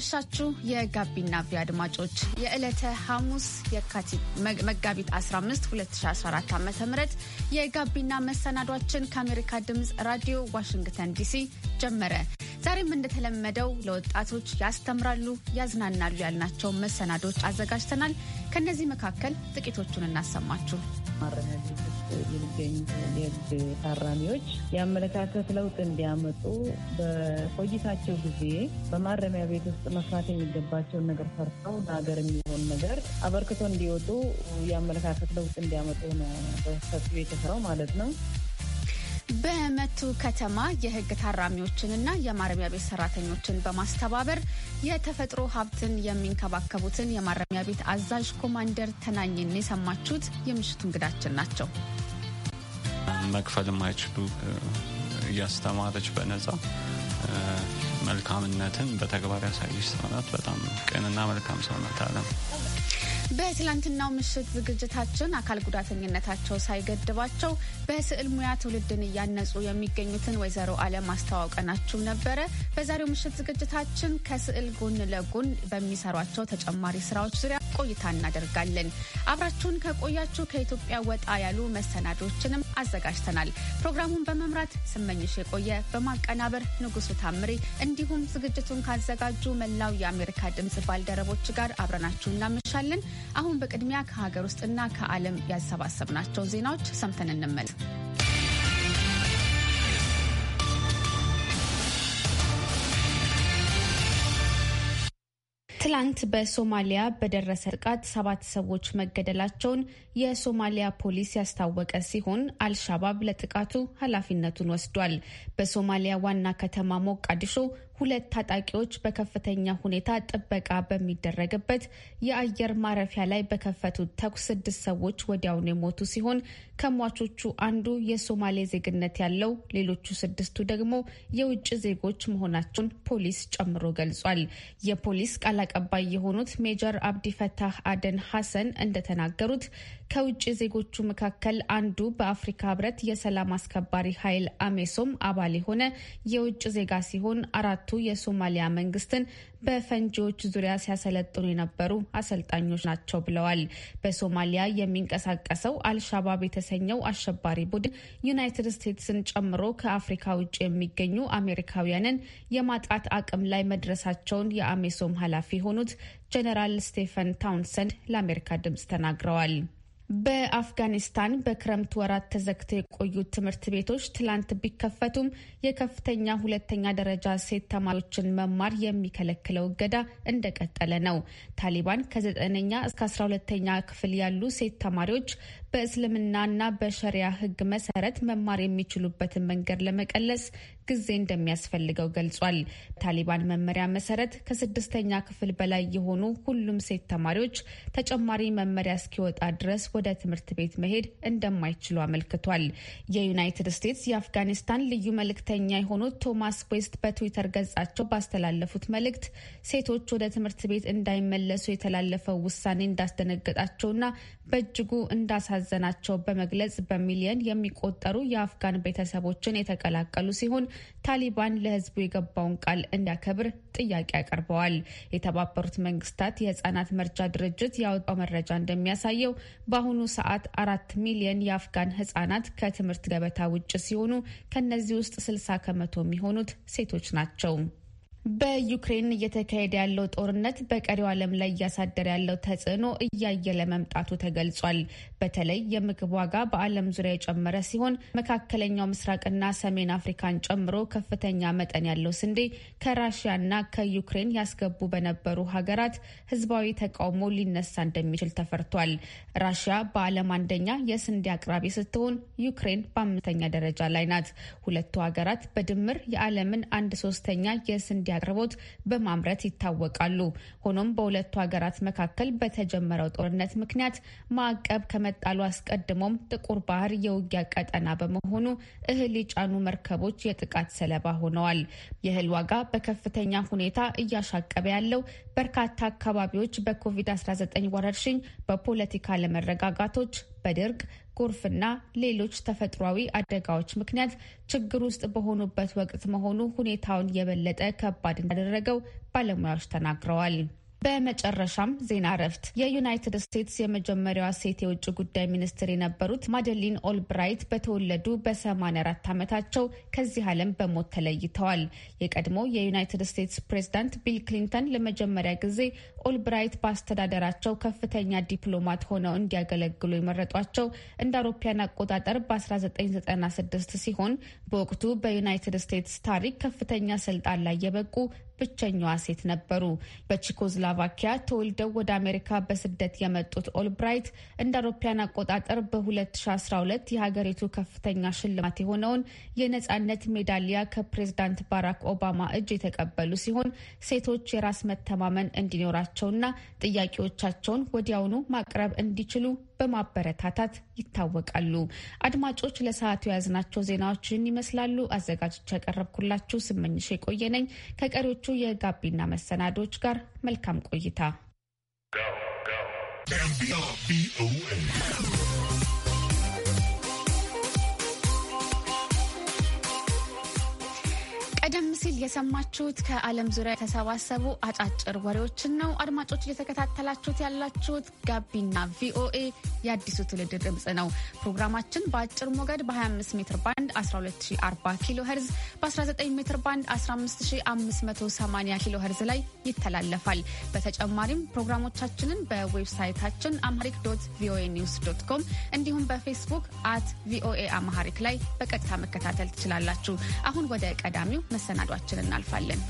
እንደምናመሻችሁ የጋቢና ቪ አድማጮች የዕለተ ሐሙስ የካቲት መጋቢት 15 2014 ዓ ም የጋቢና መሰናዷችን ከአሜሪካ ድምፅ ራዲዮ ዋሽንግተን ዲሲ ጀመረ። ዛሬም እንደተለመደው ለወጣቶች ያስተምራሉ፣ ያዝናናሉ ያልናቸው መሰናዶች አዘጋጅተናል። ከእነዚህ መካከል ጥቂቶቹን እናሰማችሁ። የሚገኙ የህግ ታራሚዎች የአመለካከት ለውጥ እንዲያመጡ በቆይታቸው ጊዜ በማረሚያ ቤት ውስጥ መስራት የሚገባቸውን ነገር ሰርተው ለሀገር የሚሆን ነገር አበርክቶ እንዲወጡ የአመለካከት ለውጥ እንዲያመጡ በሰፊው የተሰራው ማለት ነው። በመቱ ከተማ የህግ ታራሚዎችንና የማረሚያ ቤት ሰራተኞችን በማስተባበር የተፈጥሮ ሀብትን የሚንከባከቡትን የማረሚያ ቤት አዛዥ ኮማንደር ተናኝን የሰማችሁት የምሽቱ እንግዳችን ናቸው። መክፈል የማይችሉ እያስተማረች በነጻ መልካምነትን በተግባር ያሳየች ሰውናት። በጣም ቅንና መልካም ሰውናት ናት አለም በትላንትናው ምሽት ዝግጅታችን አካል ጉዳተኝነታቸው ሳይገድባቸው በስዕል ሙያ ትውልድን እያነጹ የሚገኙትን ወይዘሮ አለም አስተዋውቀናችሁ ነበረ። በዛሬው ምሽት ዝግጅታችን ከስዕል ጎን ለጎን በሚሰሯቸው ተጨማሪ ስራዎች ዙሪያ ቆይታ እናደርጋለን። አብራችሁን ከቆያችሁ ከኢትዮጵያ ወጣ ያሉ መሰናዶችንም አዘጋጅተናል። ፕሮግራሙን በመምራት ስመኝሽ የቆየ፣ በማቀናበር ንጉሱ ታምሬ፣ እንዲሁም ዝግጅቱን ካዘጋጁ መላው የአሜሪካ ድምጽ ባልደረቦች ጋር አብረናችሁ እናመሻለን። አሁን በቅድሚያ ከሀገር ውስጥና ከዓለም ያሰባሰብናቸው ዜናዎች ሰምተን እንመለስ። ትላንት በሶማሊያ በደረሰ ጥቃት ሰባት ሰዎች መገደላቸውን የሶማሊያ ፖሊስ ያስታወቀ ሲሆን አልሻባብ ለጥቃቱ ኃላፊነቱን ወስዷል። በሶማሊያ ዋና ከተማ ሞቃዲሾ ሁለት ታጣቂዎች በከፍተኛ ሁኔታ ጥበቃ በሚደረግበት የአየር ማረፊያ ላይ በከፈቱት ተኩስ ስድስት ሰዎች ወዲያውኑ የሞቱ ሲሆን ከሟቾቹ አንዱ የሶማሌ ዜግነት ያለው፣ ሌሎቹ ስድስቱ ደግሞ የውጭ ዜጎች መሆናቸውን ፖሊስ ጨምሮ ገልጿል። የፖሊስ ቃል አቀባይ የሆኑት ሜጀር አብዲፈታህ አደን ሐሰን እንደተናገሩት ከውጭ ዜጎቹ መካከል አንዱ በአፍሪካ ህብረት የሰላም አስከባሪ ኃይል አሜሶም አባል የሆነ የውጭ ዜጋ ሲሆን አራቱ ያበረታቱ የሶማሊያ መንግስትን በፈንጂዎች ዙሪያ ሲያሰለጥኑ የነበሩ አሰልጣኞች ናቸው ብለዋል። በሶማሊያ የሚንቀሳቀሰው አልሻባብ የተሰኘው አሸባሪ ቡድን ዩናይትድ ስቴትስን ጨምሮ ከአፍሪካ ውጭ የሚገኙ አሜሪካውያንን የማጥቃት አቅም ላይ መድረሳቸውን የአሜሶም ኃላፊ የሆኑት ጀነራል ስቴፈን ታውንሰንድ ለአሜሪካ ድምጽ ተናግረዋል። በአፍጋኒስታን በክረምት ወራት ተዘግተው የቆዩት ትምህርት ቤቶች ትላንት ቢከፈቱም የከፍተኛ ሁለተኛ ደረጃ ሴት ተማሪዎችን መማር የሚከለክለው እገዳ እንደቀጠለ ነው። ታሊባን ከዘጠነኛ እስከ አስራ ሁለተኛ ክፍል ያሉ ሴት ተማሪዎች በእስልምናና በሸሪያ ሕግ መሰረት መማር የሚችሉበትን መንገድ ለመቀለስ ጊዜ እንደሚያስፈልገው ገልጿል። ታሊባን መመሪያ መሰረት ከስድስተኛ ክፍል በላይ የሆኑ ሁሉም ሴት ተማሪዎች ተጨማሪ መመሪያ እስኪወጣ ድረስ ወደ ትምህርት ቤት መሄድ እንደማይችሉ አመልክቷል። የዩናይትድ ስቴትስ የአፍጋኒስታን ልዩ መልእክተኛ የሆኑት ቶማስ ዌስት በትዊተር ገጻቸው ባስተላለፉት መልእክት ሴቶች ወደ ትምህርት ቤት እንዳይመለሱ የተላለፈው ውሳኔ እንዳስደነገጣቸውና በእጅጉ እንዳሳዘናቸው በመግለጽ በሚሊየን የሚቆጠሩ የአፍጋን ቤተሰቦችን የተቀላቀሉ ሲሆን ታሊባን ለሕዝቡ የገባውን ቃል እንዲያከብር ጥያቄ አቅርበዋል። የተባበሩት መንግስታት የህጻናት መርጃ ድርጅት ያወጣው መረጃ እንደሚያሳየው በአሁኑ ሰዓት አራት ሚሊየን የአፍጋን ህጻናት ከትምህርት ገበታ ውጭ ሲሆኑ ከነዚህ ውስጥ 60 ከመቶ የሚሆኑት ሴቶች ናቸው። በዩክሬን እየተካሄደ ያለው ጦርነት በቀሪው ዓለም ላይ እያሳደረ ያለው ተጽዕኖ እያየለ መምጣቱ ተገልጿል። በተለይ የምግብ ዋጋ በዓለም ዙሪያ የጨመረ ሲሆን መካከለኛው ምስራቅና ሰሜን አፍሪካን ጨምሮ ከፍተኛ መጠን ያለው ስንዴ ከራሽያና ከዩክሬን ያስገቡ በነበሩ ሀገራት ሕዝባዊ ተቃውሞ ሊነሳ እንደሚችል ተፈርቷል። ራሽያ በዓለም አንደኛ የስንዴ አቅራቢ ስትሆን ዩክሬን በአምስተኛ ደረጃ ላይ ናት። ሁለቱ ሀገራት በድምር የዓለምን አንድ ሶስተኛ የስንዴ አቅርቦት በማምረት ይታወቃሉ። ሆኖም በሁለቱ ሀገራት መካከል በተጀመረው ጦርነት ምክንያት ማዕቀብ ከመጣሉ አስቀድሞም ጥቁር ባህር የውጊያ ቀጠና በመሆኑ እህል የጫኑ መርከቦች የጥቃት ሰለባ ሆነዋል። የእህል ዋጋ በከፍተኛ ሁኔታ እያሻቀበ ያለው በርካታ አካባቢዎች በኮቪድ-19 ወረርሽኝ፣ በፖለቲካ አለመረጋጋቶች በድርቅ ጎርፍና ሌሎች ተፈጥሯዊ አደጋዎች ምክንያት ችግር ውስጥ በሆኑበት ወቅት መሆኑ ሁኔታውን የበለጠ ከባድ እንዳደረገው ባለሙያዎች ተናግረዋል። በመጨረሻም ዜና እረፍት። የዩናይትድ ስቴትስ የመጀመሪያዋ ሴት የውጭ ጉዳይ ሚኒስትር የነበሩት ማደሊን ኦልብራይት በተወለዱ በ84 ዓመታቸው ከዚህ ዓለም በሞት ተለይተዋል። የቀድሞ የዩናይትድ ስቴትስ ፕሬዝዳንት ቢል ክሊንተን ለመጀመሪያ ጊዜ ኦልብራይት በአስተዳደራቸው ከፍተኛ ዲፕሎማት ሆነው እንዲያገለግሉ የመረጧቸው እንደ አውሮፓውያን አቆጣጠር በ1996 ሲሆን በወቅቱ በዩናይትድ ስቴትስ ታሪክ ከፍተኛ ስልጣን ላይ የበቁ ብቸኛዋ ሴት ነበሩ። በቺኮዝላ ከቼኮስሎቫኪያ ተወልደው ወደ አሜሪካ በስደት የመጡት ኦልብራይት እንደ አውሮፓያን አቆጣጠር በ2012 የሀገሪቱ ከፍተኛ ሽልማት የሆነውን የነፃነት ሜዳሊያ ከፕሬዝዳንት ባራክ ኦባማ እጅ የተቀበሉ ሲሆን ሴቶች የራስ መተማመን እንዲኖራቸውና ጥያቄዎቻቸውን ወዲያውኑ ማቅረብ እንዲችሉ በማበረታታት ይታወቃሉ። አድማጮች ለሰዓቱ የያዝናቸው ዜናዎችን ይመስላሉ። አዘጋጆች ያቀረብኩላችሁ ስመኝሽ የቆየ ነኝ። ከቀሪዎቹ የጋቢና መሰናዶዎች ጋር መልካም ቆይታ። ቀደም ሲል የሰማችሁት ከዓለም ዙሪያ የተሰባሰቡ አጫጭር ወሬዎችን ነው። አድማጮች እየተከታተላችሁት ያላችሁት ጋቢና ቪኦኤ የአዲሱ ትውልድ ድምፅ ነው። ፕሮግራማችን በአጭር ሞገድ በ25 ሜትር ባንድ 1240 ኪሎ ሄርዝ፣ በ19 ሜትር ባንድ 15580 ኪሎ ሄርዝ ላይ ይተላለፋል። በተጨማሪም ፕሮግራሞቻችንን በዌብሳይታችን አምሃሪክ ዶት ቪኦኤ ኒውስ ዶት ኮም እንዲሁም በፌስቡክ አት ቪኦኤ አምሃሪክ ላይ በቀጥታ መከታተል ትችላላችሁ። አሁን ወደ ቀዳሚው መሰናዷችን እናልፋለን።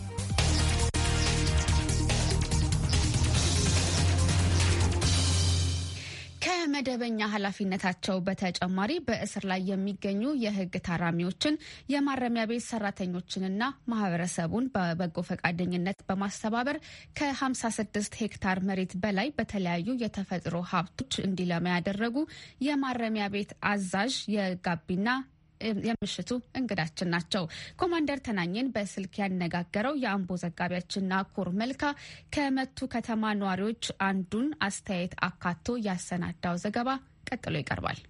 መደበኛ ኃላፊነታቸው በተጨማሪ በእስር ላይ የሚገኙ የሕግ ታራሚዎችን የማረሚያ ቤት ሰራተኞችንና ማህበረሰቡን በበጎ ፈቃደኝነት በማስተባበር ከ56 ሄክታር መሬት በላይ በተለያዩ የተፈጥሮ ሀብቶች እንዲለማ ያደረጉ የማረሚያ ቤት አዛዥ የጋቢና የምሽቱ እንግዳችን ናቸው። ኮማንደር ተናኝን በስልክ ያነጋገረው የአምቦ ዘጋቢያችን ናኮር መልካ ከመቱ ከተማ ነዋሪዎች አንዱን አስተያየት አካቶ ያሰናዳው ዘገባ ቀጥሎ ይቀርባል።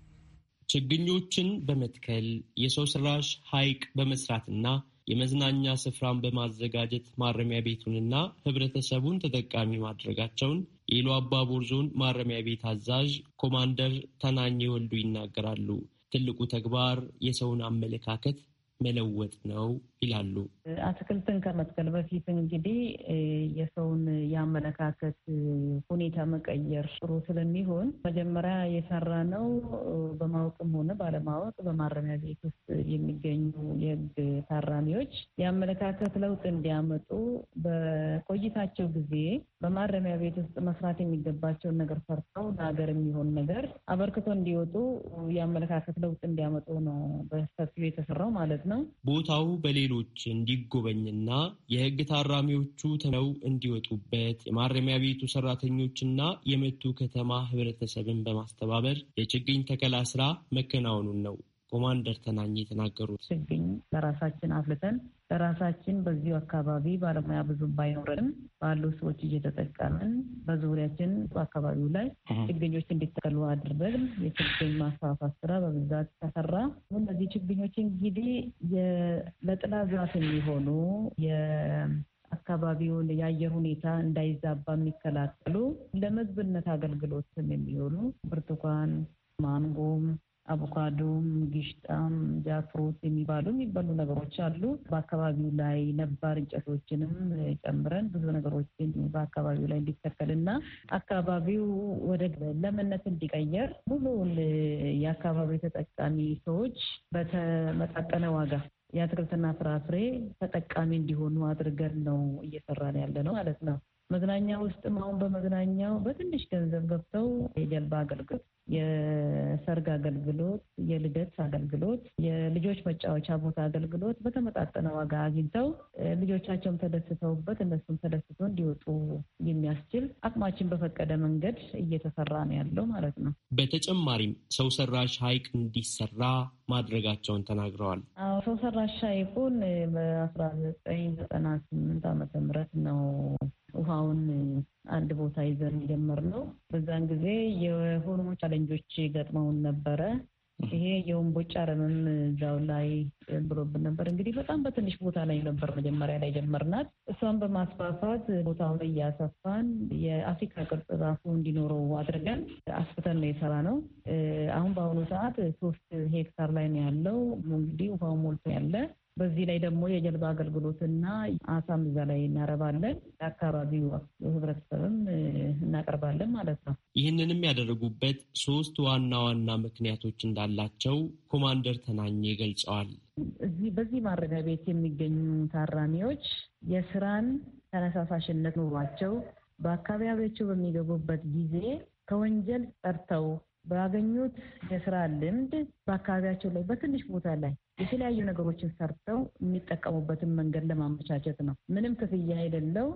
ችግኞችን በመትከል የሰው ሰራሽ ሐይቅ በመስራትና የመዝናኛ ስፍራን በማዘጋጀት ማረሚያ ቤቱንና ህብረተሰቡን ተጠቃሚ ማድረጋቸውን የኢሉ አባቦር ዞን ማረሚያ ቤት አዛዥ ኮማንደር ተናኝ ወልዱ ይናገራሉ። ትልቁ ተግባር የሰውን አመለካከት መለወጥ ነው ይላሉ። አትክልትን ከመትከል በፊት እንግዲህ የሰውን የአመለካከት ሁኔታ መቀየር ጥሩ ስለሚሆን መጀመሪያ የሰራ ነው በማወቅም ሆነ ባለማወቅ በማረሚያ ቤት ውስጥ የሚገኙ የህግ ታራሚዎች የአመለካከት ለውጥ እንዲያመጡ በቆይታቸው ጊዜ በማረሚያ ቤት ውስጥ መስራት የሚገባቸውን ነገር ሰርተው ለሀገር የሚሆን ነገር አበርክቶ እንዲወጡ የአመለካከት ለውጥ እንዲያመጡ ነው በሰፊው የተሰራው ማለት ነው። ቦታው በሌ በሌሎች እንዲጎበኝና የህግ ታራሚዎቹ ተነው እንዲወጡበት የማረሚያ ቤቱ ሰራተኞችና የመቱ ከተማ ህብረተሰብን በማስተባበር የችግኝ ተከላ ስራ መከናወኑን ነው ኮማንደር ተናኝ የተናገሩት ችግኝ ለራሳችን አፍልተን ለራሳችን በዚሁ አካባቢ ባለሙያ ብዙም ባይኖረንም ባሉ ሰዎች እየተጠቀምን በዙሪያችን አካባቢው ላይ ችግኞች እንዲተከሉ አድርገን የችግኝ ማስፋፋት ስራ በብዛት ተሰራ። እነዚህ ችግኞች እንግዲህ ለጥላ ዛፍ የሚሆኑ አካባቢውን የአየር ሁኔታ እንዳይዛባ የሚከላከሉ ለምግብነት አገልግሎትም የሚሆኑ ብርቱካን፣ ማንጎም አቮካዶም፣ ግሽጣም፣ ጃክፍሩት የሚባሉ የሚበሉ ነገሮች አሉ። በአካባቢው ላይ ነባር እንጨቶችንም ጨምረን ብዙ ነገሮችን በአካባቢው ላይ እንዲተከል እና አካባቢው ወደ ለምነት እንዲቀየር ሙሉውን የአካባቢው ተጠቃሚ ሰዎች በተመጣጠነ ዋጋ የአትክልትና ፍራፍሬ ተጠቃሚ እንዲሆኑ አድርገን ነው እየሰራን ያለ ነው ማለት ነው። መዝናኛ ውስጥም አሁን በመዝናኛው በትንሽ ገንዘብ ገብተው የጀልባ አገልግሎት የሰርግ አገልግሎት፣ የልደት አገልግሎት፣ የልጆች መጫወቻ ቦታ አገልግሎት በተመጣጠነ ዋጋ አግኝተው ልጆቻቸውም ተደስተውበት እነሱም ተደስተው እንዲወጡ የሚያስችል አቅማችን በፈቀደ መንገድ እየተሰራ ነው ያለው ማለት ነው። በተጨማሪም ሰው ሰራሽ ሐይቅ እንዲሰራ ማድረጋቸውን ተናግረዋል። ሰው ሰራሽ ሐይቁን በአስራ ዘጠኝ ዘጠና ስምንት ዓመተ ምህረት ነው ውሃውን አንድ ቦታ ይዘን ነው። በዛን ጊዜ የሆርሞን ቻለንጆች ገጥመውን ነበረ። ይሄ የወንቦጭ አረምም እዛው ላይ ብሎብን ነበር። እንግዲህ በጣም በትንሽ ቦታ ላይ ነበር መጀመሪያ ላይ ጀመርናት። እሷን በማስፋፋት ቦታው ላይ እያሰፋን የአፍሪካ ቅርጽ ራሱ እንዲኖረው አድርገን አስፍተን ነው የሰራ ነው። አሁን በአሁኑ ሰዓት ሶስት ሄክታር ላይ ነው ያለው። እንግዲህ ውሃው ሞልቶ ያለ በዚህ ላይ ደግሞ የጀልባ አገልግሎትና አሳም እዛ ላይ እናረባለን። ለአካባቢው ህብረተሰብም እናቀርባለን ማለት ነው። ይህንንም ያደረጉበት ሶስት ዋና ዋና ምክንያቶች እንዳላቸው ኮማንደር ተናኜ ገልጸዋል። እዚህ በዚህ ማረሚያ ቤት የሚገኙ ታራሚዎች የስራን ተነሳሳሽነት ኑሯቸው በአካባቢያቸው በሚገቡበት ጊዜ ከወንጀል ጠርተው ባገኙት የስራ ልምድ በአካባቢያቸው ላይ በትንሽ ቦታ ላይ የተለያዩ ነገሮችን ሰርተው የሚጠቀሙበትን መንገድ ለማመቻቸት ነው። ምንም ክፍያ የሌለው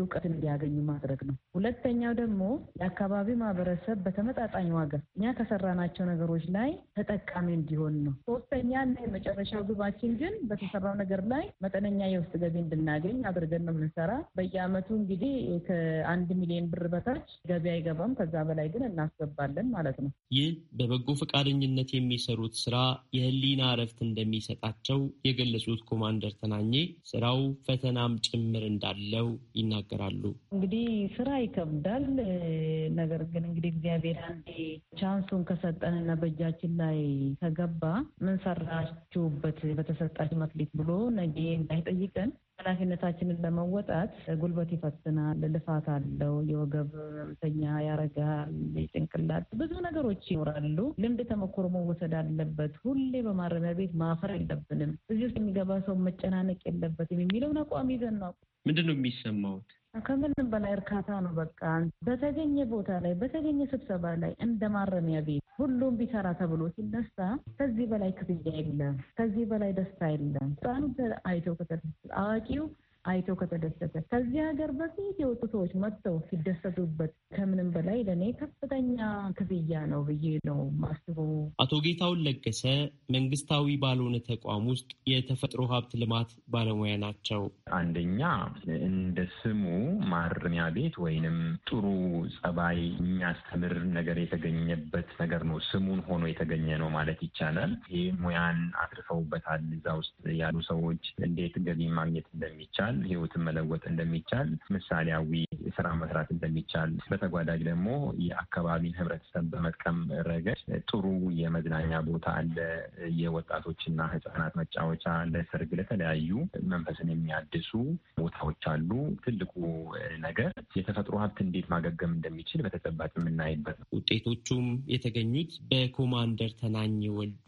እውቀት እንዲያገኙ ማድረግ ነው። ሁለተኛው ደግሞ የአካባቢ ማህበረሰብ በተመጣጣኝ ዋጋ እኛ ከሰራናቸው ነገሮች ላይ ተጠቃሚ እንዲሆን ነው። ሶስተኛ እና የመጨረሻው ግባችን ግን በተሰራው ነገር ላይ መጠነኛ የውስጥ ገቢ እንድናገኝ አድርገን ነው የምንሰራ። በየአመቱ እንግዲህ ከአንድ ሚሊዮን ብር በታች ገቢ አይገባም። ከዛ በላይ ግን እናስገባለን ማለት ነው። ይህ በበጎ ፈቃደኝነት የሚሰሩት ስራ የህሊና እረፍት እንደሚሰጣቸው የገለጹት ኮማንደር ተናኜ ስራው ፈተናም ጭምር እንዳለው ይናገ ይናገራሉ። እንግዲህ ስራ ይከብዳል። ነገር ግን እንግዲህ እግዚአብሔር አንዴ ቻንሱን ከሰጠንና በእጃችን ላይ ከገባ ምን ሰራችሁበት መክሊት ብሎ ነገ እንዳይጠይቀን ኃላፊነታችንን ለመወጣት ጉልበት ይፈትናል። ልፋት አለው። የወገብ መምተኛ ያረጋል። ጭንቅላት ብዙ ነገሮች ይኖራሉ። ልምድ ተሞክሮ መወሰድ አለበት። ሁሌ በማረሚያ ቤት ማፈር የለብንም። እዚህ ውስጥ የሚገባ ሰው መጨናነቅ የለበትም የሚለውን አቋም ይዘን ነው። ምንድን ነው የሚሰማውት? ከምንም በላይ እርካታ ነው። በቃ በተገኘ ቦታ ላይ በተገኘ ስብሰባ ላይ እንደ ማረሚያ ቤት ሁሉም ቢሰራ ተብሎ ሲነሳ ከዚህ በላይ ክፍያ የለም። ከዚህ በላይ ደስታ የለም። ህፃኑ አይተው ከተ አዋቂው አይቶ ከተደሰተ ከዚህ ሀገር በፊት የወጡ ሰዎች መጥተው ሲደሰቱበት ከምንም በላይ ለእኔ ከፍተኛ ክፍያ ነው ብዬ ነው ማስበው። አቶ ጌታውን ለገሰ መንግስታዊ ባልሆነ ተቋም ውስጥ የተፈጥሮ ሀብት ልማት ባለሙያ ናቸው። አንደኛ እንደ ስሙ ማረሚያ ቤት ወይንም ጥሩ ጸባይ የሚያስተምር ነገር የተገኘበት ነገር ነው። ስሙን ሆኖ የተገኘ ነው ማለት ይቻላል። ይህ ሙያን አትርፈውበታል። እዛ ውስጥ ያሉ ሰዎች እንዴት ገቢ ማግኘት እንደሚቻል ህይወትን መለወጥ እንደሚቻል ምሳሌያዊ ስራ መስራት እንደሚቻል፣ በተጓዳጅ ደግሞ የአካባቢን ህብረተሰብ በመጥቀም ረገድ ጥሩ የመዝናኛ ቦታ አለ። የወጣቶችና ህጻናት መጫወቻ፣ ለሰርግ፣ ለተለያዩ መንፈስን የሚያድሱ ቦታዎች አሉ። ትልቁ ነገር የተፈጥሮ ሀብት እንዴት ማገገም እንደሚችል በተጨባጭ የምናይበት ነው። ውጤቶቹም የተገኙት በኮማንደር ተናኝ ወልዱ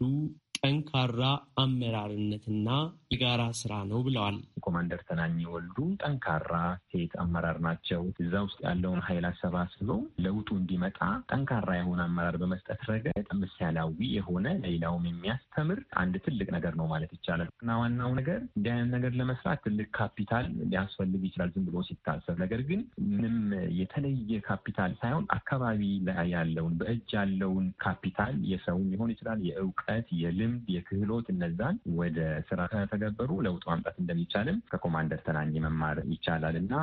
ጠንካራ አመራርነትና የጋራ ስራ ነው ብለዋል። ኮማንደር ተናኝ ወልዱ ጠንካራ ሴት አመራር ናቸው። እዛ ውስጥ ያለውን ኃይል አሰባስበ ለውጡ እንዲመጣ ጠንካራ የሆነ አመራር በመስጠት ረገድ ምሳሌያዊ የሆነ ሌላውም የሚያስተምር አንድ ትልቅ ነገር ነው ማለት ይቻላል። እና ዋናው ነገር እንዲህ አይነት ነገር ለመስራት ትልቅ ካፒታል ሊያስፈልግ ይችላል ዝም ብሎ ሲታሰብ። ነገር ግን ምንም የተለየ ካፒታል ሳይሆን አካባቢ ላይ ያለውን በእጅ ያለውን ካፒታል የሰውም ሊሆን ይችላል፣ የእውቀት፣ የልምድ፣ የክህሎት እነዛን ወደ ስራ ከተገበሩ ለውጥ ማምጣት እንደሚቻልም ከኮማንደር ተናኝ መማር ይቻላል እና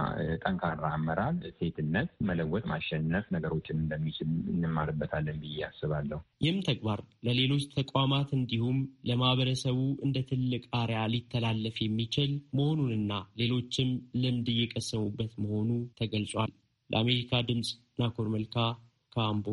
ጠንካራ አመራር፣ ሴትነት፣ መለወጥ፣ ማሸነፍ ነገሮችን እንደሚችል እንማርበታለን ብዬ አስባለሁ። ይህም ተግባር ለሌሎች ተቋማት እንዲሁም ለማህበረሰቡ እንደ ትልቅ አርያ ሊተላለፍ የሚችል መሆኑንና ሌሎችም ልምድ እየቀሰሙበት መሆኑ ተገልጿል። ለአሜሪካ ድምፅ ናኮር መልካ ካምቦ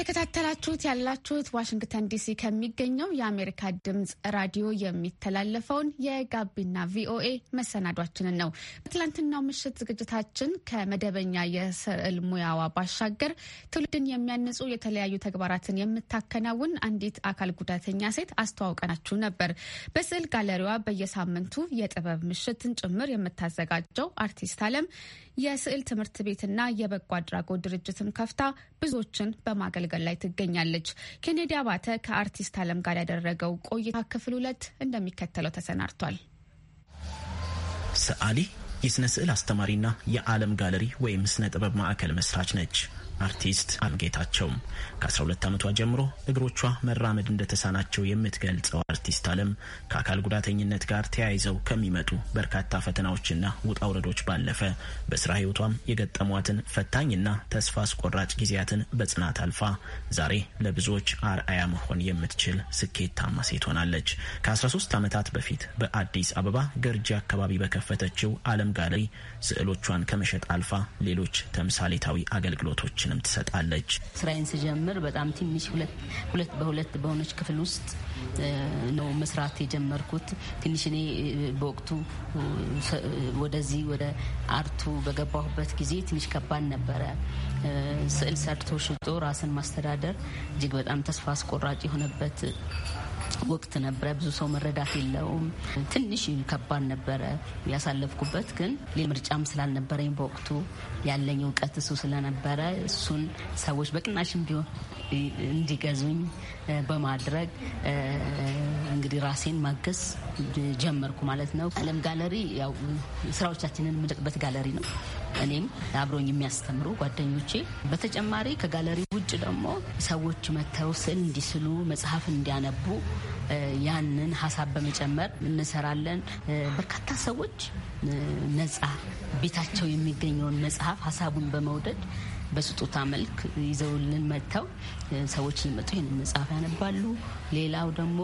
እየተከታተላችሁት ያላችሁት ዋሽንግተን ዲሲ ከሚገኘው የአሜሪካ ድምፅ ራዲዮ የሚተላለፈውን የጋቢና ቪኦኤ መሰናዷችንን ነው። በትላንትናው ምሽት ዝግጅታችን ከመደበኛ የስዕል ሙያዋ ባሻገር ትውልድን የሚያንጹ የተለያዩ ተግባራትን የምታከናውን አንዲት አካል ጉዳተኛ ሴት አስተዋውቀናችሁ ነበር። በስዕል ጋለሪዋ በየሳምንቱ የጥበብ ምሽትን ጭምር የምታዘጋጀው አርቲስት አለም የስዕል ትምህርት ቤትና የበጎ አድራጎት ድርጅትን ከፍታ ብዙዎችን በማገልገል በመሸጋገር ላይ ትገኛለች። ኬኔዲ አባተ ከአርቲስት አለም ጋር ያደረገው ቆይታ ክፍል ሁለት እንደሚከተለው ተሰናድቷል። ሰአሊ የሥነ ስዕል አስተማሪና የዓለም ጋለሪ ወይም ስነ ጥበብ ማዕከል መስራች ነች። አርቲስት አምጌታቸው ከ12 ዓመቷ ጀምሮ እግሮቿ መራመድ እንደተሳናቸው የምትገልጸው አርቲስት አለም ከአካል ጉዳተኝነት ጋር ተያይዘው ከሚመጡ በርካታ ፈተናዎችና ውጣውረዶች ባለፈ በስራ ህይወቷም የገጠሟትን ፈታኝና ተስፋ አስቆራጭ ጊዜያትን በጽናት አልፋ ዛሬ ለብዙዎች አርአያ መሆን የምትችል ስኬታማ ሴት ሆናለች። ከ13 ዓመታት በፊት በአዲስ አበባ ገርጂ አካባቢ በከፈተችው አለም ጋለሪ ስዕሎቿን ከመሸጥ አልፋ ሌሎች ተምሳሌታዊ አገልግሎቶች ። ትምህርትንም ትሰጣለች። ስራዬን ስጀምር በጣም ትንሽ ሁለት በሁለት በሆነች ክፍል ውስጥ ነው መስራት የጀመርኩት። ትንሽ እኔ በወቅቱ ወደዚህ ወደ አርቱ በገባሁበት ጊዜ ትንሽ ከባድ ነበረ። ስዕል ሰርቶ ሽጦ ራስን ማስተዳደር እጅግ በጣም ተስፋ አስቆራጭ የሆነበት ወቅት ነበረ። ብዙ ሰው መረዳት የለውም። ትንሽ ከባድ ነበረ ያሳለፍኩበት። ግን ምርጫም ስላልነበረኝ በወቅቱ ያለኝ እውቀት እሱ ስለነበረ እሱን ሰዎች በቅናሽም ቢሆን እንዲገዙኝ በማድረግ እንግዲህ ራሴን ማገዝ ጀመርኩ ማለት ነው። አለም ጋለሪ ያው ስራዎቻችንን የምንለቅበት ጋለሪ ነው። እኔም አብሮኝ የሚያስተምሩ ጓደኞቼ፣ በተጨማሪ ከጋለሪ ውጭ ደግሞ ሰዎች መጥተው ስዕል እንዲስሉ መጽሐፍ እንዲያነቡ ያንን ሀሳብ በመጨመር እንሰራለን። በርካታ ሰዎች ነጻ ቤታቸው የሚገኘውን መጽሐፍ ሀሳቡን በመውደድ በስጦታ መልክ ይዘውልን መጥተው ሰዎች ሊመጡ ይህንን መጽሐፍ ያነባሉ። ሌላው ደግሞ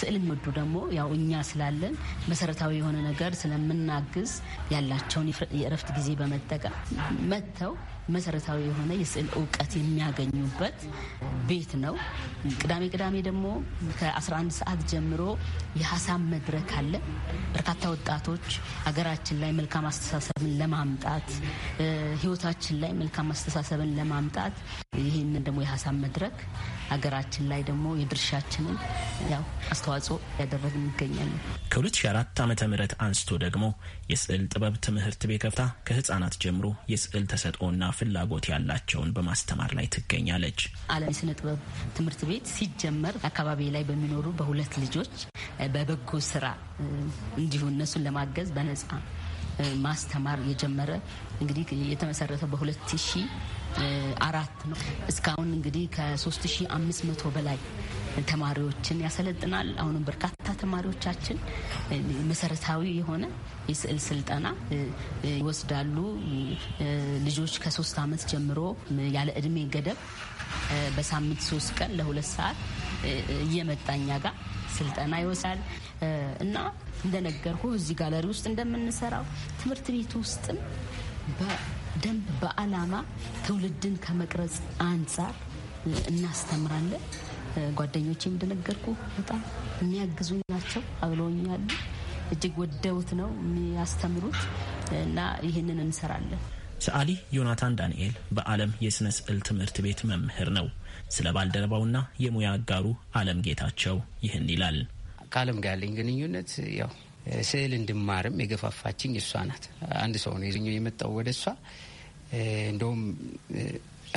ስዕል ወዱ ደግሞ ያው እኛ ስላለን መሰረታዊ የሆነ ነገር ስለምናግዝ ያላቸውን የእረፍት ጊዜ በመጠቀም መጥተው መሰረታዊ የሆነ የስዕል እውቀት የሚያገኙበት ቤት ነው። ቅዳሜ ቅዳሜ ደግሞ ከ11 ሰዓት ጀምሮ የሀሳብ መድረክ አለ። በርካታ ወጣቶች ሀገራችን ላይ መልካም አስተሳሰብን ለማምጣት ህይወታችን ላይ መልካም አስተሳሰብን ለማምጣት ይህንን ደግሞ የሀሳብ መድረክ ሀገራችን ላይ ደግሞ የድርሻችንን ያው አስተዋጽኦ ያደረግን እንገኛለን። ከ2004 ዓ ም አንስቶ ደግሞ የስዕል ጥበብ ትምህርት ቤት ከፍታ ከህጻናት ጀምሮ የስዕል ተሰጥኦና ፍላጎት ያላቸውን በማስተማር ላይ ትገኛለች። ዓለም የስነ ጥበብ ትምህርት ቤት ሲጀመር አካባቢ ላይ በሚኖሩ በሁለት ልጆች በበጎ ስራ እንዲሁ እነሱን ለማገዝ በነጻ ማስተማር የጀመረ እንግዲህ የተመሰረተው በ2004 ነው። እስካሁን እንግዲህ ከ3500 በላይ ተማሪዎችን ያሰለጥናል። አሁንም በርካታ ተማሪዎቻችን መሰረታዊ የሆነ የስዕል ስልጠና ይወስዳሉ። ልጆች ከሶስት ዓመት ጀምሮ ያለ እድሜ ገደብ በሳምንት ሶስት ቀን ለሁለት ሰዓት እየመጣ እኛ ጋር ስልጠና ይወስዳል እና እንደነገርኩ እዚህ ጋለሪ ውስጥ እንደምንሰራው ትምህርት ቤት ውስጥም በደንብ በአላማ ትውልድን ከመቅረጽ አንጻር እናስተምራለን። ጓደኞቼ እንደነገርኩ በጣም የሚያግዙ ናቸው፣ አብለውኛሉ። እጅግ ወደውት ነው የሚያስተምሩት እና ይህንን እንሰራለን። ሰዓሊ ዮናታን ዳንኤል በዓለም የሥነ ስዕል ትምህርት ቤት መምህር ነው። ስለ ባልደረባውና የሙያ አጋሩ አለም ጌታቸው ይህን ይላል። ከአለም ጋር ያለኝ ግንኙነት ያው ስዕል እንድማርም የገፋፋችኝ እሷ ናት። አንድ ሰው ነው ይዞኝ የመጣው ወደ እሷ። እንደውም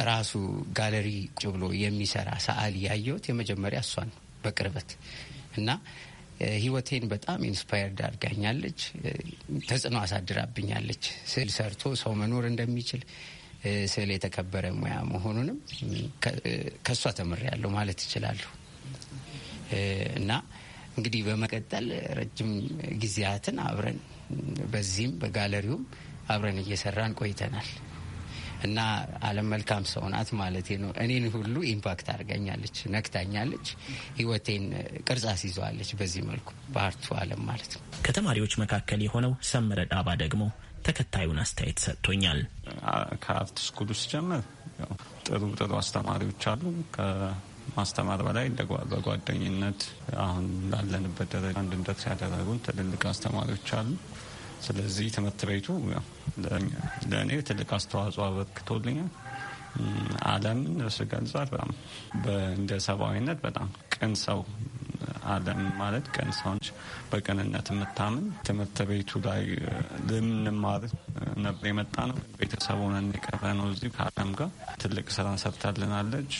ራሱ ጋለሪ ቁጭ ብሎ የሚሰራ ሰዓሊ ያየሁት የመጀመሪያ እሷ ነው በቅርበት እና ህይወቴን በጣም ኢንስፓየርድ አድርጋኛለች። ተጽዕኖ አሳድራብኛለች። ስዕል ሰርቶ ሰው መኖር እንደሚችል ስዕል የተከበረ ሙያ መሆኑንም ከእሷ ተምሬያለሁ ማለት እችላለሁ እና እንግዲህ በመቀጠል ረጅም ጊዜያትን አብረን በዚህም በጋለሪውም አብረን እየሰራን ቆይተናል እና አለም መልካም ሰው ናት ማለት ነው። እኔን ሁሉ ኢምፓክት አድርገኛለች ነክታኛለች፣ ህይወቴን ቅርጽ አስይዘዋለች። በዚህ መልኩ ባህርቱ አለም ማለት ነው። ከተማሪዎች መካከል የሆነው ሰምረ ዳባ ደግሞ ተከታዩን አስተያየት ሰጥቶኛል። ከአርት ስኩል ውስጥ ጀምር ጥሩ ጥሩ አስተማሪዎች አሉ ማስተማር በላይ በጓደኝነት አሁን ላለንበት ደረጃ እንድንደርስ ያደረጉን ትልልቅ አስተማሪዎች አሉ። ስለዚህ ትምህርት ቤቱ ለእኔ ትልቅ አስተዋጽኦ አበርክቶልኛል። ዓለምን እሱ ገልጿል። በጣም እንደ ሰብአዊነት በጣም ቅን ሰው ዓለም ማለት ቀን ሰዎች በቅንነት የምታምን ትምህርት ቤቱ ላይ ልምንማር ነበር የመጣ ነው። ቤተሰብ ሆነን የቀረ ነው። እዚህ ከአለም ጋር ትልቅ ስራ ሰርታልናለች።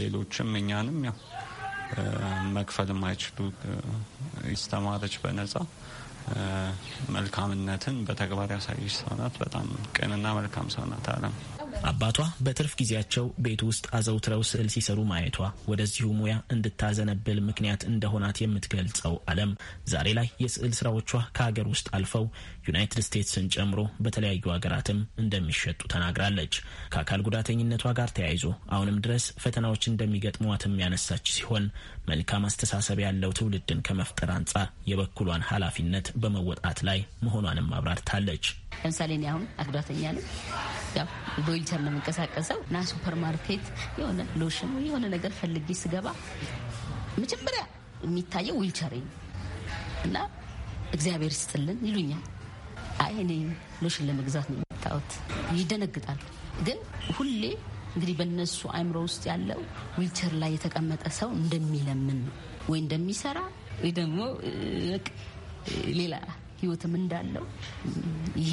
ሌሎችም እኛንም ያው መክፈል የማይችሉ ይስተማረች በነጻ መልካምነትን በተግባር ያሳየች ሰው ናት። በጣም ቅንና መልካም ሰው ናት አለም አባቷ በትርፍ ጊዜያቸው ቤት ውስጥ አዘውትረው ስዕል ሲሰሩ ማየቷ ወደዚሁ ሙያ እንድታዘነብል ምክንያት እንደሆናት የምትገልጸው አለም ዛሬ ላይ የስዕል ስራዎቿ ከሀገር ውስጥ አልፈው ዩናይትድ ስቴትስን ጨምሮ በተለያዩ ሀገራትም እንደሚሸጡ ተናግራለች። ከአካል ጉዳተኝነቷ ጋር ተያይዞ አሁንም ድረስ ፈተናዎች እንደሚገጥሟትም ያነሳች ሲሆን መልካም አስተሳሰብ ያለው ትውልድን ከመፍጠር አንጻር የበኩሏን ኃላፊነት በመወጣት ላይ መሆኗንም አብራርታለች። ለምሳሌ እኔ አሁን አካል ጉዳተኛ ነኝ። ነው የምንቀሳቀሰው እና ሱፐር ማርኬት የሆነ ሎሽን የሆነ ነገር ፈልጌ ስገባ መጀመሪያ የሚታየው ዊልቸር ነው እና እግዚአብሔር ስጥልን ይሉኛል። አይ እኔ ሎሽን ለመግዛት ነው የመጣሁት። ይደነግጣል። ግን ሁሌ እንግዲህ በነሱ አእምሮ ውስጥ ያለው ዊልቸር ላይ የተቀመጠ ሰው እንደሚለምን ነው ወይ እንደሚሰራ ወይ ደግሞ ሌላ ህይወትም እንዳለው ይሄ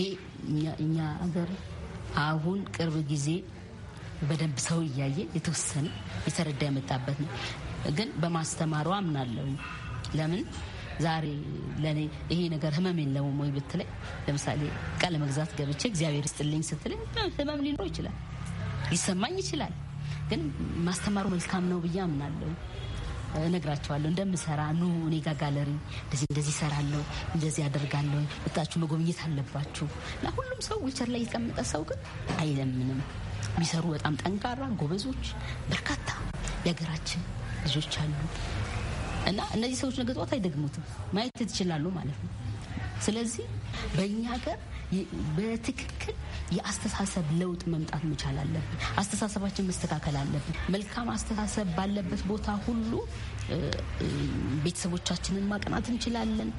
እኛ ሀገር አሁን ቅርብ ጊዜ በደንብ ሰው እያየ የተወሰነ የተረዳ የመጣበት ነው። ግን በማስተማሯ አምናለሁ። ለምን ዛሬ ለእኔ ይሄ ነገር ህመም የለውም ወይ ብትለኝ፣ ለምሳሌ እቃ መግዛት ገብቼ እግዚአብሔር ይስጥልኝ ስትለኝ ህመም ሊኖር ይችላል፣ ሊሰማኝ ይችላል። ግን ማስተማሩ መልካም ነው ብዬ አምናለሁ። እነግራቸዋለሁ። እንደምሰራ ኑ እኔ ጋ ጋለሪ እንደዚህ እንደዚህ እሰራለሁ፣ እንደዚህ አደርጋለሁ፣ ወጣችሁ መጎብኘት አለባችሁ እና ሁሉም ሰው ዊልቸር ላይ የተቀመጠ ሰው ግን አይለምንም። የሚሰሩ በጣም ጠንካራ ጎበዞች በርካታ የሀገራችን ልጆች አሉ እና እነዚህ ሰዎች ነገ ጠዋት አይደግሙትም፣ ማየት ትችላሉ ማለት ነው። ስለዚህ በእኛ ሀገር በትክክል የአስተሳሰብ ለውጥ መምጣት መቻል አለብን። አስተሳሰባችን መስተካከል አለብን። መልካም አስተሳሰብ ባለበት ቦታ ሁሉ ቤተሰቦቻችንን ማቅናት እንችላለን።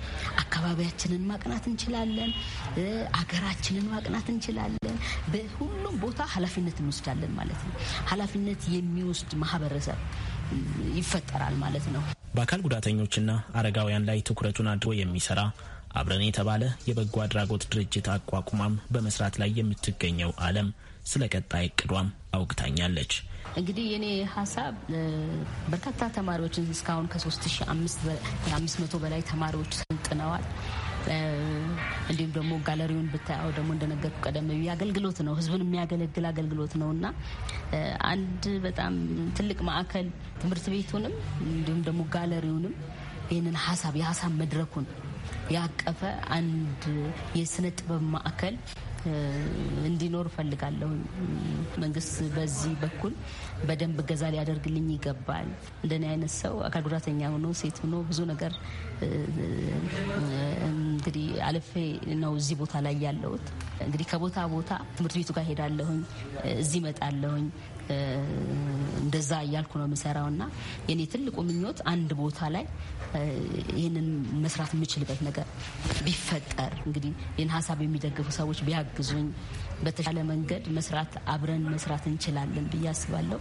አካባቢያችንን ማቅናት እንችላለን። አገራችንን ማቅናት እንችላለን። በሁሉም ቦታ ኃላፊነት እንወስዳለን ማለት ነው። ኃላፊነት የሚወስድ ማህበረሰብ ይፈጠራል ማለት ነው። በአካል ጉዳተኞችና አረጋውያን ላይ ትኩረቱን አድሮ የሚሰራ አብረን የተባለ የበጎ አድራጎት ድርጅት አቋቁሟም በመስራት ላይ የምትገኘው አለም ስለ ቀጣይ እቅዷም አውግታኛለች። እንግዲህ የኔ ሀሳብ በርካታ ተማሪዎችን እስካሁን ከ3500 በላይ ተማሪዎች ሰልጥነዋል። እንዲሁም ደግሞ ጋለሪውን ብታየው ደግሞ እንደነገርኩ ቀደም አገልግሎት ነው፣ ህዝብን የሚያገለግል አገልግሎት ነው እና አንድ በጣም ትልቅ ማዕከል ትምህርት ቤቱንም እንዲሁም ደግሞ ጋለሪውንም ይህንን ሀሳብ የሀሳብ መድረኩን ያቀፈ አንድ የስነ ጥበብ ማዕከል እንዲኖር እፈልጋለሁ። መንግስት በዚህ በኩል በደንብ ገዛ ሊያደርግልኝ ይገባል። እንደኔ አይነት ሰው አካል ጉዳተኛ ሆኖ ሴት ሆኖ ብዙ ነገር እንግዲህ አልፌ ነው እዚህ ቦታ ላይ ያለሁት። እንግዲህ ከቦታ ቦታ ትምህርት ቤቱ ጋር ሄዳለሁኝ፣ እዚህ እመጣለሁኝ፣ እንደዛ እያልኩ ነው የምሰራው እና የኔ ትልቁ ምኞት አንድ ቦታ ላይ ይህንን መስራት የምችልበት ነገር ቢፈጠር እንግዲህ ይህን ሀሳብ የሚደግፉ ሰዎች ቢያግዙኝ በተሻለ መንገድ መስራት አብረን መስራት እንችላለን ብዬ አስባለሁ።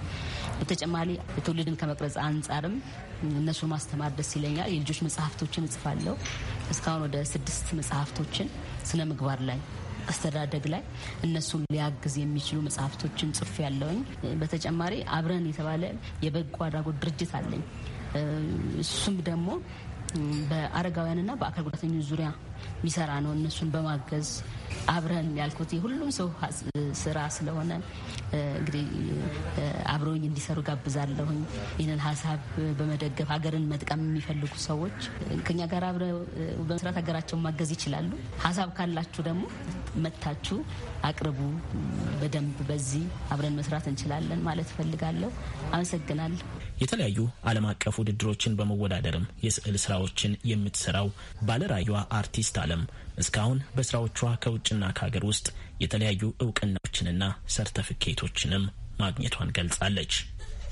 በተጨማሪ ትውልድን ከመቅረጽ አንጻርም እነሱን ማስተማር ደስ ይለኛል። የልጆች መጽሐፍቶችን እጽፋለሁ። እስካሁን ወደ ስድስት መጽሐፍቶችን ስነ ምግባር ላይ አስተዳደግ ላይ እነሱን ሊያግዝ የሚችሉ መጽሐፍቶችን ጽፍ ያለውኝ። በተጨማሪ አብረን የተባለ የበጎ አድራጎት ድርጅት አለኝ። እሱም ደግሞ በአረጋውያንና በአካል ጉዳተኞች ዙሪያ የሚሰራ ነው። እነሱን በማገዝ አብረን ያልኩት የሁሉም ሰው ስራ ስለሆነ እንግዲህ አብረውኝ እንዲሰሩ ጋብዛለሁኝ። ይህንን ሀሳብ በመደገፍ ሀገርን መጥቀም የሚፈልጉ ሰዎች ከኛ ጋር አብረው በመስራት ሀገራቸውን ማገዝ ይችላሉ። ሀሳብ ካላችሁ ደግሞ መታችሁ አቅርቡ። በደንብ በዚህ አብረን መስራት እንችላለን ማለት እፈልጋለሁ። አመሰግናለሁ። የተለያዩ ዓለም አቀፍ ውድድሮችን በመወዳደርም የስዕል ስራዎችን የምትሰራው ባለራዩዋ አርቲስት አለም እስካሁን በስራዎቿ ከውጭና ከሀገር ውስጥ የተለያዩ እውቅናዎችንና ሰርተፍኬቶችንም ማግኘቷን ገልጻለች።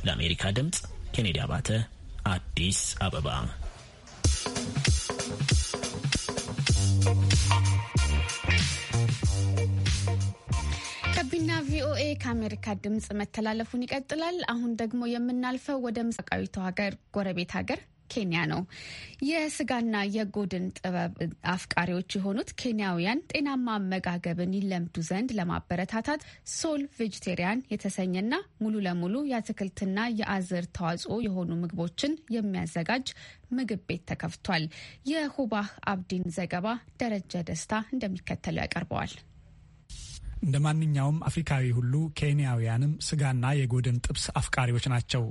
ለአሜሪካ ድምፅ ኬኔዲ አባተ አዲስ አበባ ከአሜሪካ ድምጽ መተላለፉን ይቀጥላል። አሁን ደግሞ የምናልፈው ወደ ምስራቃዊቷ ሀገር ጎረቤት ሀገር ኬንያ ነው። የስጋና የጎድን ጥበብ አፍቃሪዎች የሆኑት ኬንያውያን ጤናማ አመጋገብን ይለምዱ ዘንድ ለማበረታታት ሶል ቬጅቴሪያን የተሰኘና ሙሉ ለሙሉ የአትክልትና የአዝር ተዋጽኦ የሆኑ ምግቦችን የሚያዘጋጅ ምግብ ቤት ተከፍቷል። የሁባህ አብዲን ዘገባ ደረጀ ደስታ እንደሚከተለው ያቀርበዋል። እንደ ማንኛውም አፍሪካዊ ሁሉ ኬንያውያንም ስጋና የጎድን ጥብስ አፍቃሪዎች ናቸው።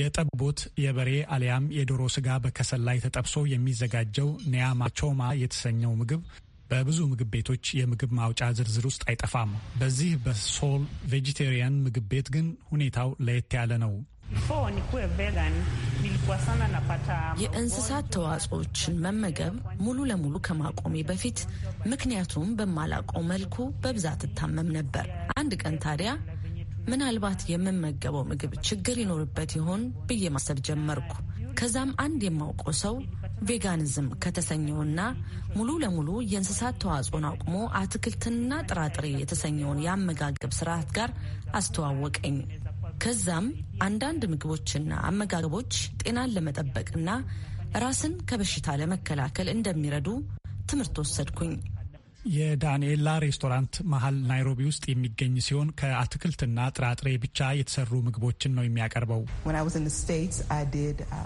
የጠቦት የበሬ አሊያም የዶሮ ስጋ በከሰል ላይ ተጠብሶ የሚዘጋጀው ኒያማ ቾማ የተሰኘው ምግብ በብዙ ምግብ ቤቶች የምግብ ማውጫ ዝርዝር ውስጥ አይጠፋም። በዚህ በሶል ቬጂቴሪያን ምግብ ቤት ግን ሁኔታው ለየት ያለ ነው። የእንስሳት ተዋጽኦችን መመገብ ሙሉ ለሙሉ ከማቆሜ በፊት ምክንያቱም በማላቀው መልኩ በብዛት እታመም ነበር። አንድ ቀን ታዲያ ምናልባት የምመገበው ምግብ ችግር ይኖርበት ይሆን ብዬ ማሰብ ጀመርኩ። ከዛም አንድ የማውቀው ሰው ቬጋኒዝም ከተሰኘውና ሙሉ ለሙሉ የእንስሳት ተዋጽኦን አቁሞ አትክልትና ጥራጥሬ የተሰኘውን የአመጋገብ ስርዓት ጋር አስተዋወቀኝ። ከዛም አንዳንድ ምግቦችና አመጋገቦች ጤናን ለመጠበቅና ራስን ከበሽታ ለመከላከል እንደሚረዱ ትምህርት ወሰድኩኝ። የዳንኤላ ሬስቶራንት መሀል ናይሮቢ ውስጥ የሚገኝ ሲሆን ከአትክልትና ጥራጥሬ ብቻ የተሰሩ ምግቦችን ነው የሚያቀርበው። uh,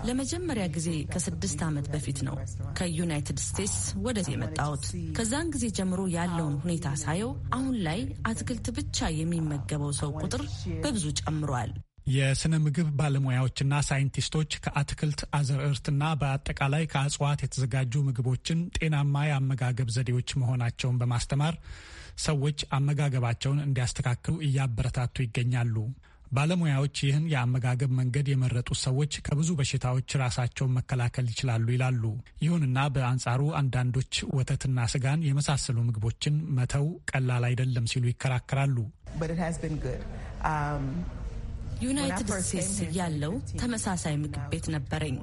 ለመጀመሪያ ጊዜ ከስድስት ዓመት በፊት ነው ከዩናይትድ ስቴትስ ወደዚህ የመጣሁት። ከዛን ጊዜ ጀምሮ ያለውን ሁኔታ ሳየው አሁን ላይ አትክልት ብቻ የሚመገበው ሰው ቁጥር በብዙ ጨምሯል። የስነ ምግብ ባለሙያዎችና ሳይንቲስቶች ከአትክልት አዝርዕርትና በአጠቃላይ ከእጽዋት የተዘጋጁ ምግቦችን ጤናማ የአመጋገብ ዘዴዎች መሆናቸውን በማስተማር ሰዎች አመጋገባቸውን እንዲያስተካክሉ እያበረታቱ ይገኛሉ። ባለሙያዎች ይህን የአመጋገብ መንገድ የመረጡ ሰዎች ከብዙ በሽታዎች ራሳቸውን መከላከል ይችላሉ ይላሉ። ይሁንና በአንጻሩ አንዳንዶች ወተትና ስጋን የመሳሰሉ ምግቦችን መተው ቀላል አይደለም ሲሉ ይከራከራሉ። ዩናይትድ ስቴትስ ያለው ተመሳሳይ ምግብ ቤት ነበረኝ።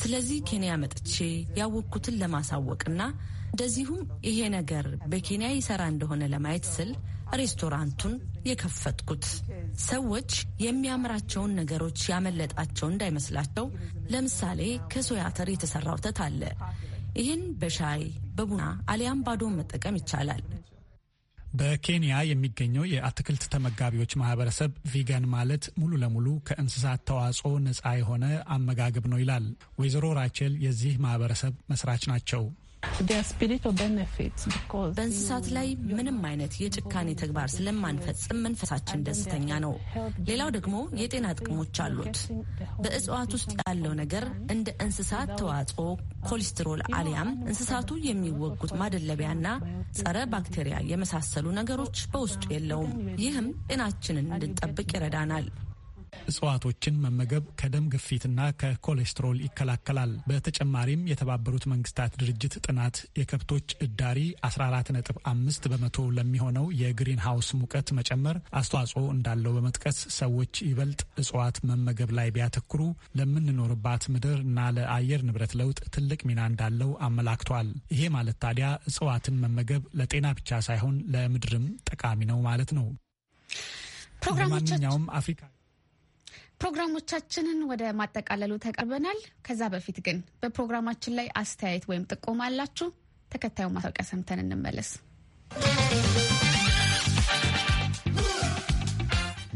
ስለዚህ ኬንያ መጥቼ ያወቅኩትን ለማሳወቅና እንደዚሁም ይሄ ነገር በኬንያ ይሰራ እንደሆነ ለማየት ስል ሬስቶራንቱን የከፈትኩት ሰዎች የሚያምራቸውን ነገሮች ያመለጣቸው እንዳይመስላቸው። ለምሳሌ ከሶያ አተር የተሰራ ወተት አለ። ይህን በሻይ በቡና አሊያም ባዶ መጠቀም ይቻላል። በኬንያ የሚገኘው የአትክልት ተመጋቢዎች ማህበረሰብ ቪጋን ማለት ሙሉ ለሙሉ ከእንስሳት ተዋጽኦ ነፃ የሆነ አመጋገብ ነው ይላል። ወይዘሮ ራቸል የዚህ ማህበረሰብ መስራች ናቸው። በእንስሳት ላይ ምንም አይነት የጭካኔ ተግባር ስለማንፈጽም መንፈሳችን ደስተኛ ነው። ሌላው ደግሞ የጤና ጥቅሞች አሉት። በእጽዋት ውስጥ ያለው ነገር እንደ እንስሳት ተዋጽኦ፣ ኮሌስትሮል አሊያም እንስሳቱ የሚወጉት ማደለቢያና ጸረ ባክቴሪያ የመሳሰሉ ነገሮች በውስጡ የለውም። ይህም ጤናችንን እንድንጠብቅ ይረዳናል። እጽዋቶችን መመገብ ከደም ግፊትና ከኮሌስትሮል ይከላከላል። በተጨማሪም የተባበሩት መንግስታት ድርጅት ጥናት የከብቶች እዳሪ 14.5 በመቶ ለሚሆነው የግሪን ሃውስ ሙቀት መጨመር አስተዋጽኦ እንዳለው በመጥቀስ ሰዎች ይበልጥ እጽዋት መመገብ ላይ ቢያተኩሩ ለምንኖርባት ምድር እና ለአየር ንብረት ለውጥ ትልቅ ሚና እንዳለው አመላክቷል። ይሄ ማለት ታዲያ እጽዋትን መመገብ ለጤና ብቻ ሳይሆን ለምድርም ጠቃሚ ነው ማለት ነው። ለማንኛውም አፍሪካ ፕሮግራሞቻችንን ወደ ማጠቃለሉ ተቀርበናል። ከዛ በፊት ግን በፕሮግራማችን ላይ አስተያየት ወይም ጥቆማ አላችሁ? ተከታዩ ማስታወቂያ ሰምተን እንመለስ።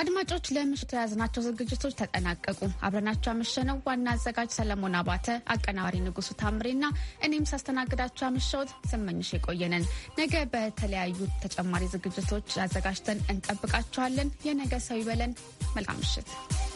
አድማጮች ለምሽቱ የያዝናቸው ዝግጅቶች ተጠናቀቁ። አብረናቸው ያመሸነው ዋና አዘጋጅ ሰለሞን አባተ፣ አቀናባሪ ንጉሱ ታምሬና እኔም ሳስተናግዳቸው ያመሸሁት ስመኝሽ የቆየነን። ነገ በተለያዩ ተጨማሪ ዝግጅቶች አዘጋጅተን እንጠብቃችኋለን። የነገ ሰው ይበለን። መልካም ምሽት።